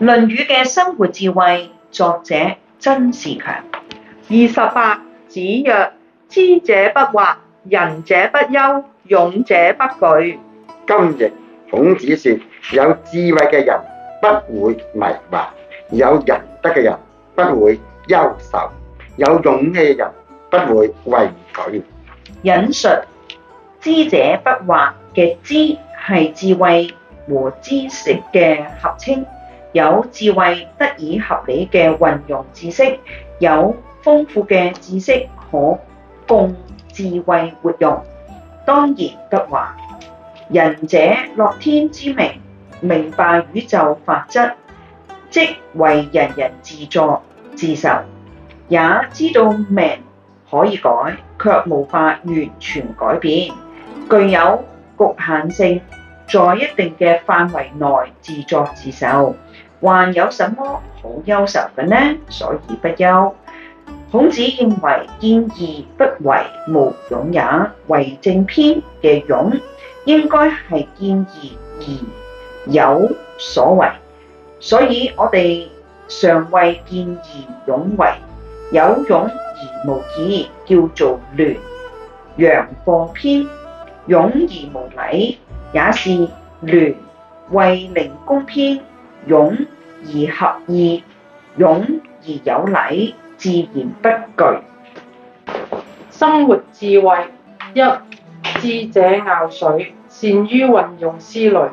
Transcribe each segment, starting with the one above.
《論語》嘅生活智慧，作者曾仕強。二十八，子曰：知者不惑，仁者不憂，勇者不懼。今日孔子説：有智慧嘅人不會迷惑，有仁德嘅人不會憂愁，有勇氣嘅人不會畏懼。引述：知者不惑嘅知係智慧和知識嘅合稱。有智慧得以合理嘅運用知識，有豐富嘅知識可供智慧活用，當然不壞。人者樂天之明，明白宇宙法則，即為人人自作自受，也知道命可以改，却無法完全改變，具有局限性，在一定嘅範圍內自作自受。還有什麼好憂愁嘅呢？所以不憂。孔子認為見義不為無勇也。為政篇嘅勇應該係見義而有所為。所以我哋常謂見義勇為，有勇而無義叫做亂。陽貨篇勇而無禮也是亂。衛靈公篇勇，而合意，勇而有禮，自然不懼。生活智慧。一，智者樂水，善於運用思慮，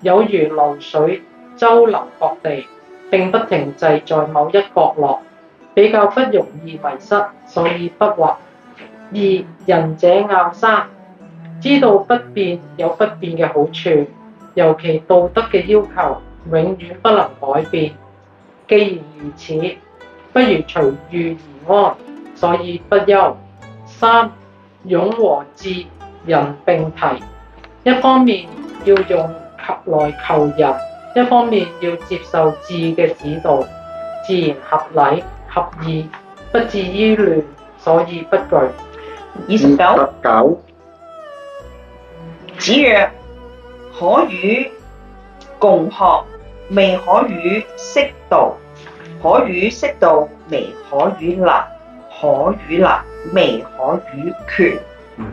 有如流水周流各地，並不停滯在某一角落，比較不容易迷失，所以不惑。二，仁者樂山，知道不變有不變嘅好處，尤其道德嘅要求。永遠不能改變。既然如此，不如隨遇而安，所以不憂。三，勇和智，仁並提。一方面要用及內求人，一方面要接受智嘅指導，自然合理，合意，不至於亂，所以不懼。二十九。子曰：可與。共學，未可與適道；可與適道，未可與立；可與立，未可與權。嗯。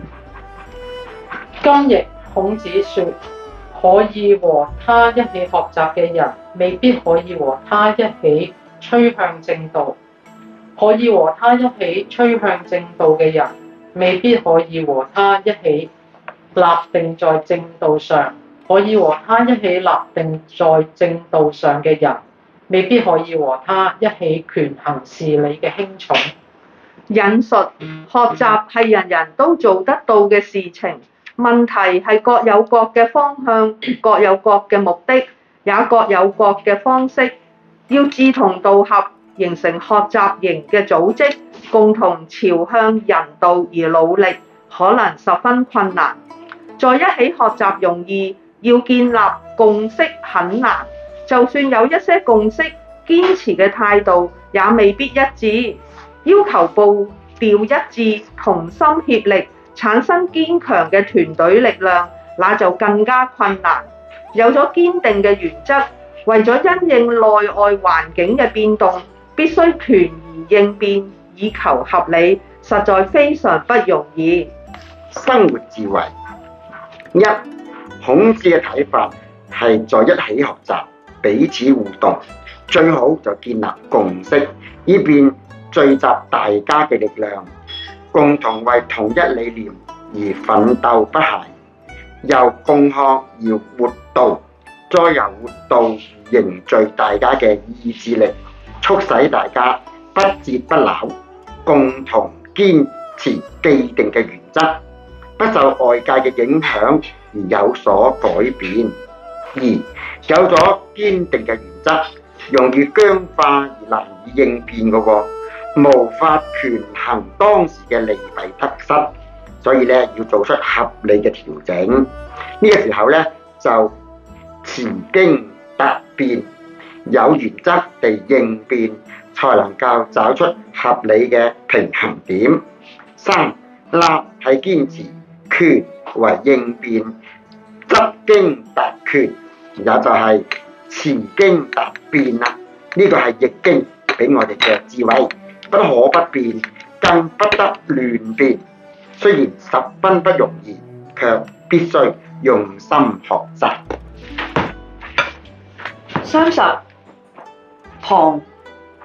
今譯孔子説：可以和他一起學習嘅人，未必可以和他一起趨向正道；可以和他一起趨向正道嘅人，未必可以和他一起立定在正道上。可以和他一起立定在正道上嘅人，未必可以和他一起權衡事理嘅輕重。引述學習係人人都做得到嘅事情，問題係各有各嘅方向、各有各嘅目的，也各有各嘅方式。要志同道合，形成學習型嘅組織，共同朝向人道而努力，可能十分困難。在一起學習容易。要建立共識很難，就算有一些共識，堅持嘅態度也未必一致。要求步調一致、同心協力，產生堅強嘅團隊力量，那就更加困難。有咗堅定嘅原則，為咗因應內外環境嘅變動，必須權宜應變以求合理，實在非常不容易。生活智慧一。Yep. 孔子嘅睇法係在一起學習，彼此互動，最好就建立共識，以便聚集大家嘅力量，共同為同一理念而奮鬥不懈。由共學而活動，再由活動凝聚大家嘅意志力，促使大家不折不撓，共同堅持既定嘅原則，不受外界嘅影響而有所改變，二有咗堅定嘅原則，容易僵化而難以應變嗰個，無法權衡當時嘅利弊得失，所以咧要做出合理嘅調整。呢個時候咧就持經達變，有原則地應變，才能夠找出合理嘅平衡點。三立係堅持，權。為應變，執經達權，也就係持經達變啊！呢、這個係易經俾我哋嘅智慧，不可不變，更不得亂變。雖然十分不容易，卻必須用心學習。三十，唐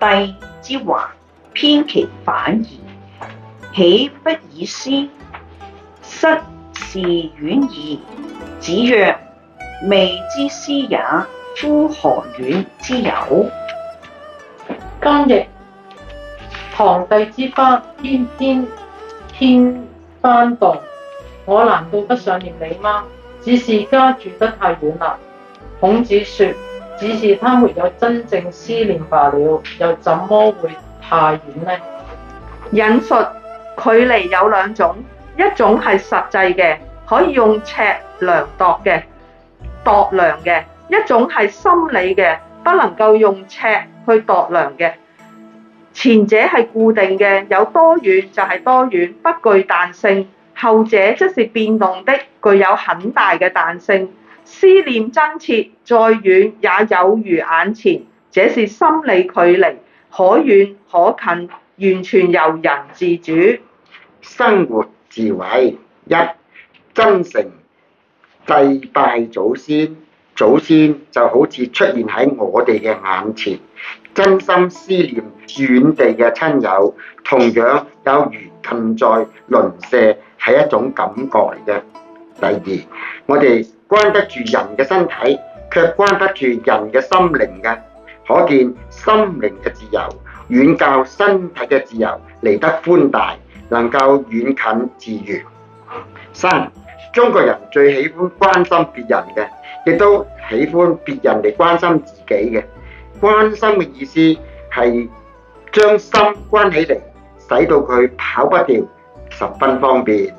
棣之華，偏其反而，豈不爾思？失是遠矣。子曰：未之思也，夫何遠之有？翻譯：唐棣之花天天天翻動，我難道不想念你嗎？只是家住得太遠了。孔子說：只是他沒有真正思念罷了，又怎麼會太遠呢？引述：距離有兩種。一種係實際嘅，可以用尺量度嘅，度量嘅；一種係心理嘅，不能夠用尺去度量嘅。前者係固定嘅，有多遠就係多遠，不具彈性；後者則是變動的，具有很大嘅彈性。思念真切，再遠也有如眼前，這是心理距離，可遠可近，完全由人自主。生活智慧一，真誠祭拜祖先，祖先就好似出現喺我哋嘅眼前，真心思念遠地嘅親友，同樣有如近在鄰舍，係一種感覺嚟嘅。第二，我哋關得住人嘅身體，卻關不住人嘅心靈嘅啊，可見心靈嘅自由遠較身體嘅自由嚟得寬大。能夠遠近自如。三，中國人最喜歡關心別人嘅，亦都喜歡別人嚟關心自己嘅。關心嘅意思係將心關起嚟，使到佢跑不掉，十分方便。